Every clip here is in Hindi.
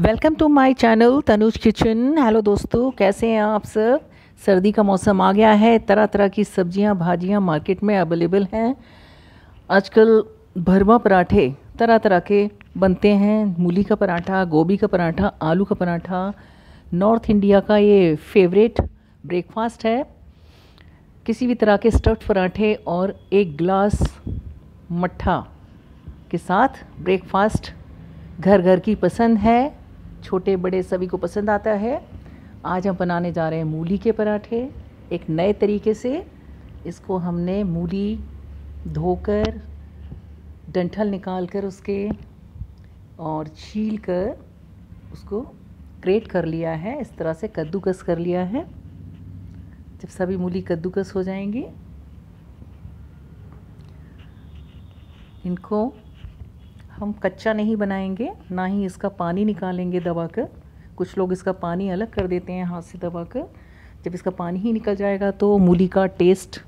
welcome to my channel Tanuj kitchen hello दोस्तों कैसे हैं आप सब सर्दी का मौसम आ गया है तरह तरह की सब्जियां भाजियां मार्केट में अवेलेबल हैं आजकल भरवा पराठे तरह तरह के बनते हैं मूली का पराठा गोभी का पराठा आलू का पराठा नॉर्थ इंडिया का ये फेवरेट ब्रेकफास्ट है किसी भी तरह के स्टफ्ड पराठे और एक ग्लास मट्ठा के साथ ब्रेकफास्ट घर घर की पसंद है छोटे बड़े सभी को पसंद आता है आज हम बनाने जा रहे हैं मूली के पराठे एक नए तरीके से इसको हमने मूली धोकर डंठल निकाल कर उसके और छील कर उसको क्रेट कर लिया है इस तरह से कद्दूकस कर लिया है जब सभी मूली कद्दूकस हो जाएंगी इनको हम कच्चा नहीं बनाएंगे ना ही इसका पानी निकालेंगे दबा कर कुछ लोग इसका पानी अलग कर देते हैं हाथ से दबा कर जब इसका पानी ही निकल जाएगा तो मूली का टेस्ट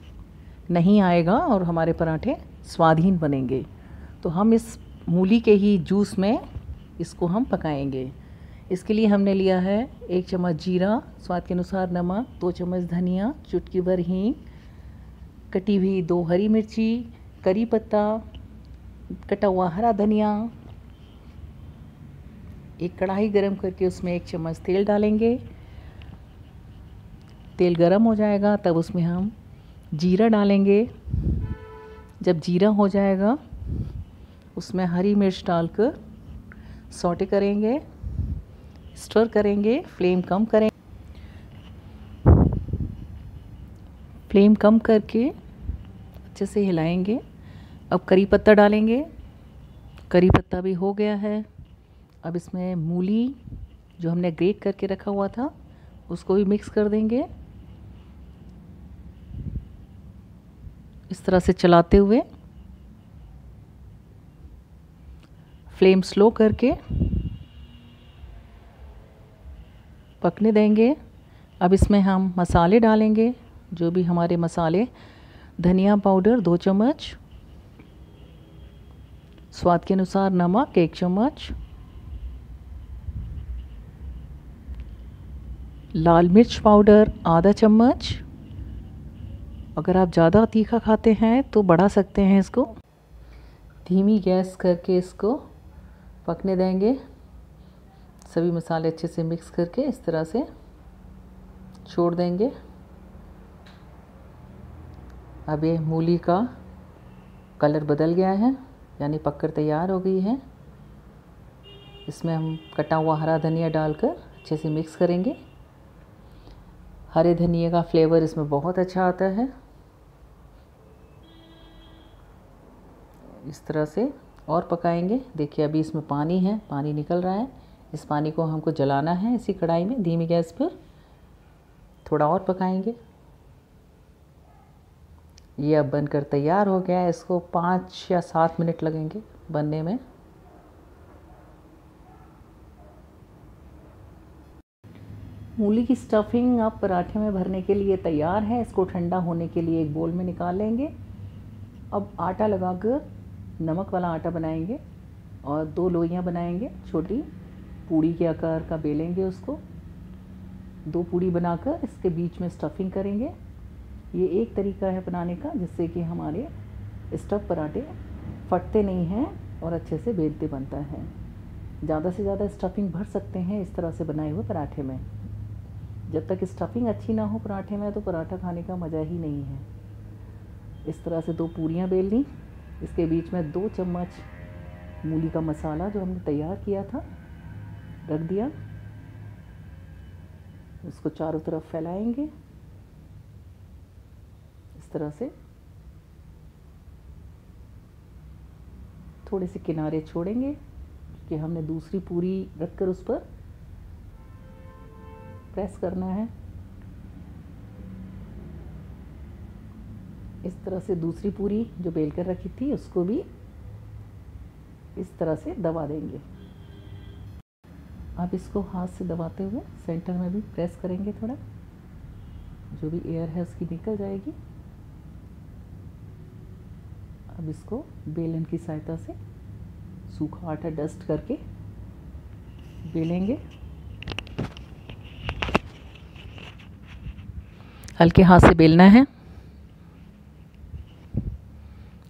नहीं आएगा और हमारे पराठे स्वादहीन बनेंगे तो हम इस मूली के ही जूस में इसको हम पकाएंगे इसके लिए हमने लिया है एक चम्मच जीरा स्वाद के अनुसार नमक दो चम्मच धनिया चुटकी भर हींग कटी हुई दो हरी मिर्ची करी पत्ता कटा हुआ हरा धनिया एक कढ़ाई गरम करके उसमें एक चम्मच तेल डालेंगे तेल गरम हो जाएगा तब उसमें हम जीरा डालेंगे जब जीरा हो जाएगा उसमें हरी मिर्च डालकर सॉटे करेंगे स्टर करेंगे फ्लेम कम करें फ्लेम कम करके अच्छे से हिलाएंगे अब करी पत्ता डालेंगे करी पत्ता भी हो गया है अब इसमें मूली जो हमने ग्रेट करके रखा हुआ था उसको भी मिक्स कर देंगे इस तरह से चलाते हुए फ्लेम स्लो करके पकने देंगे अब इसमें हम मसाले डालेंगे जो भी हमारे मसाले धनिया पाउडर दो चम्मच स्वाद के अनुसार नमक एक चम्मच लाल मिर्च पाउडर आधा चम्मच अगर आप ज़्यादा तीखा खाते हैं तो बढ़ा सकते हैं इसको धीमी गैस करके इसको पकने देंगे सभी मसाले अच्छे से मिक्स करके इस तरह से छोड़ देंगे अब ये मूली का कलर बदल गया है यानी पककर तैयार हो गई है इसमें हम कटा हुआ हरा धनिया डालकर अच्छे से मिक्स करेंगे हरे धनिया का फ्लेवर इसमें बहुत अच्छा आता है इस तरह से और पकाएंगे देखिए अभी इसमें पानी है पानी निकल रहा है इस पानी को हमको जलाना है इसी कढ़ाई में धीमी गैस पर थोड़ा और पकाएंगे ये अब बनकर तैयार हो गया है इसको पाँच या सात मिनट लगेंगे बनने में मूली की स्टफिंग अब पराठे में भरने के लिए तैयार है इसको ठंडा होने के लिए एक बोल में निकाल लेंगे अब आटा लगाकर नमक वाला आटा बनाएंगे और दो लोइयाँ बनाएंगे छोटी पूड़ी के आकार का बेलेंगे उसको दो पूड़ी बनाकर इसके बीच में स्टफिंग करेंगे ये एक तरीका है बनाने का जिससे कि हमारे स्टफ पराठे फटते नहीं हैं और अच्छे से बेलते बनता है ज़्यादा से ज़्यादा स्टफिंग भर सकते हैं इस तरह से बनाए हुए पराठे में जब तक स्टफिंग अच्छी ना हो पराठे में तो पराठा खाने का मज़ा ही नहीं है इस तरह से दो पूरियाँ बेल ली इसके बीच में दो चम्मच मूली का मसाला जो हमने तैयार किया था रख दिया उसको चारों तरफ फैलाएंगे तरह से थोड़े से किनारे छोड़ेंगे कि हमने दूसरी पूरी रखकर उस पर प्रेस करना है इस तरह से दूसरी पूरी जो बेल कर रखी थी उसको भी इस तरह से दबा देंगे आप इसको हाथ से दबाते हुए सेंटर में भी प्रेस करेंगे थोड़ा जो भी एयर है उसकी निकल जाएगी अब इसको बेलन की सहायता से सूखा आटा डस्ट करके बेलेंगे हल्के हाथ से बेलना है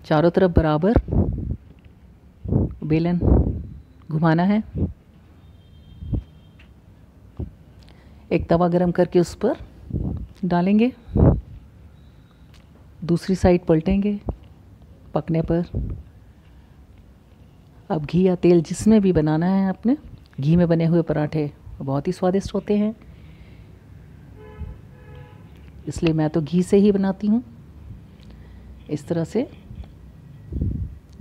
चारों तरफ बराबर बेलन घुमाना है एक तवा गरम करके उस पर डालेंगे दूसरी साइड पलटेंगे पकने पर अब घी या तेल जिसमें भी बनाना है आपने घी में बने हुए पराठे बहुत ही स्वादिष्ट होते हैं इसलिए मैं तो घी से ही बनाती हूँ इस तरह से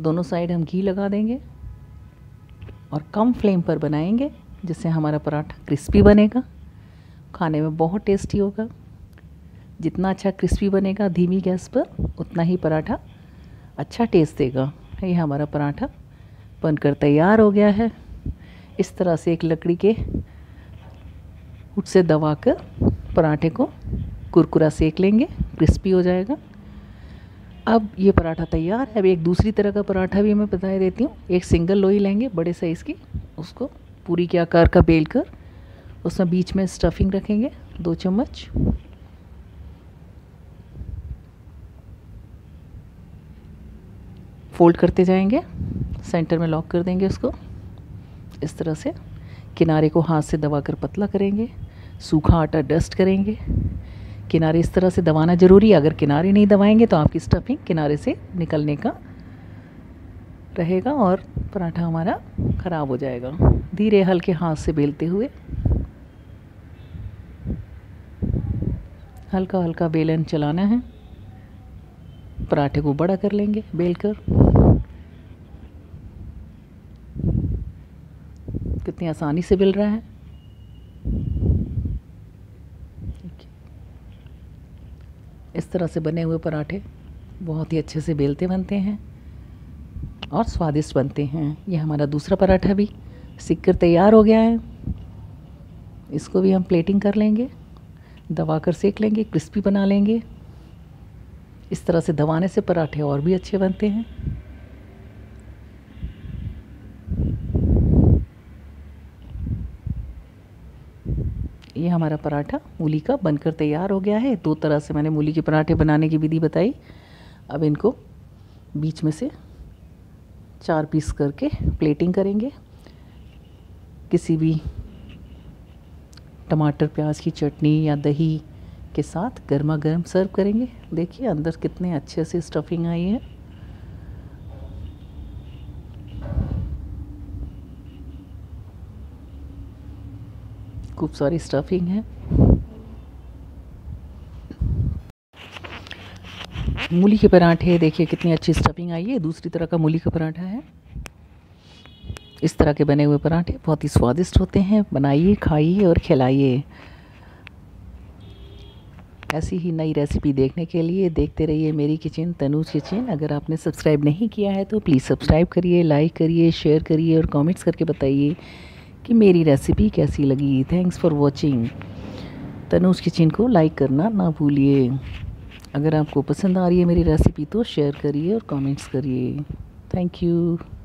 दोनों साइड हम घी लगा देंगे और कम फ्लेम पर बनाएंगे जिससे हमारा पराठा क्रिस्पी बनेगा खाने में बहुत टेस्टी होगा जितना अच्छा क्रिस्पी बनेगा धीमी गैस पर उतना ही पराठा अच्छा टेस्ट देगा ये हमारा पराठा बनकर तैयार हो गया है इस तरह से एक लकड़ी के उठ से दबा कर पराठे को कुरकुरा सेक लेंगे क्रिस्पी हो जाएगा अब ये पराठा तैयार है अब एक दूसरी तरह का पराठा भी मैं बता देती हूँ एक सिंगल लोई लेंगे बड़े साइज़ की उसको पूरी के आकार का बेल कर उसमें बीच में स्टफिंग रखेंगे दो चम्मच फोल्ड करते जाएंगे सेंटर में लॉक कर देंगे उसको इस तरह से किनारे को हाथ से दबा कर पतला करेंगे सूखा आटा डस्ट करेंगे किनारे इस तरह से दबाना ज़रूरी है अगर किनारे नहीं दबाएंगे तो आपकी स्टफिंग किनारे से निकलने का रहेगा और पराठा हमारा ख़राब हो जाएगा धीरे हल्के हाथ से बेलते हुए हल्का हल्का बेलन चलाना है पराठे को बड़ा कर लेंगे बेलकर कितनी आसानी से मिल रहा है इस तरह से बने हुए पराठे बहुत ही अच्छे से बेलते बनते हैं और स्वादिष्ट बनते हैं ये हमारा दूसरा पराठा भी सीख कर तैयार हो गया है इसको भी हम प्लेटिंग कर लेंगे दबा कर सेक लेंगे क्रिस्पी बना लेंगे इस तरह से दबाने से पराठे और भी अच्छे बनते हैं हमारा पराठा मूली का बनकर तैयार हो गया है दो तरह से मैंने मूली के पराठे बनाने की विधि बताई अब इनको बीच में से चार पीस करके प्लेटिंग करेंगे किसी भी टमाटर प्याज की चटनी या दही के साथ गर्मा गर्म सर्व करेंगे देखिए अंदर कितने अच्छे से स्टफिंग आई है खूब सारी स्टफिंग है मूली के पराठे देखिए कितनी अच्छी स्टफिंग आई है दूसरी तरह का मूली का पराठा है इस तरह के बने हुए पराठे बहुत ही स्वादिष्ट होते हैं बनाइए खाइए और खिलाइए ऐसी ही नई रेसिपी देखने के लिए देखते रहिए मेरी किचन तनुज किचन अगर आपने सब्सक्राइब नहीं किया है तो प्लीज़ सब्सक्राइब करिए लाइक करिए शेयर करिए और कमेंट्स करके बताइए कि मेरी रेसिपी कैसी लगी thanks for watching Tanuj kitchen को लाइक करना ना भूलिए अगर आपको पसंद आ रही है मेरी रेसिपी तो शेयर करिए और कमेंट्स करिए थैंक यू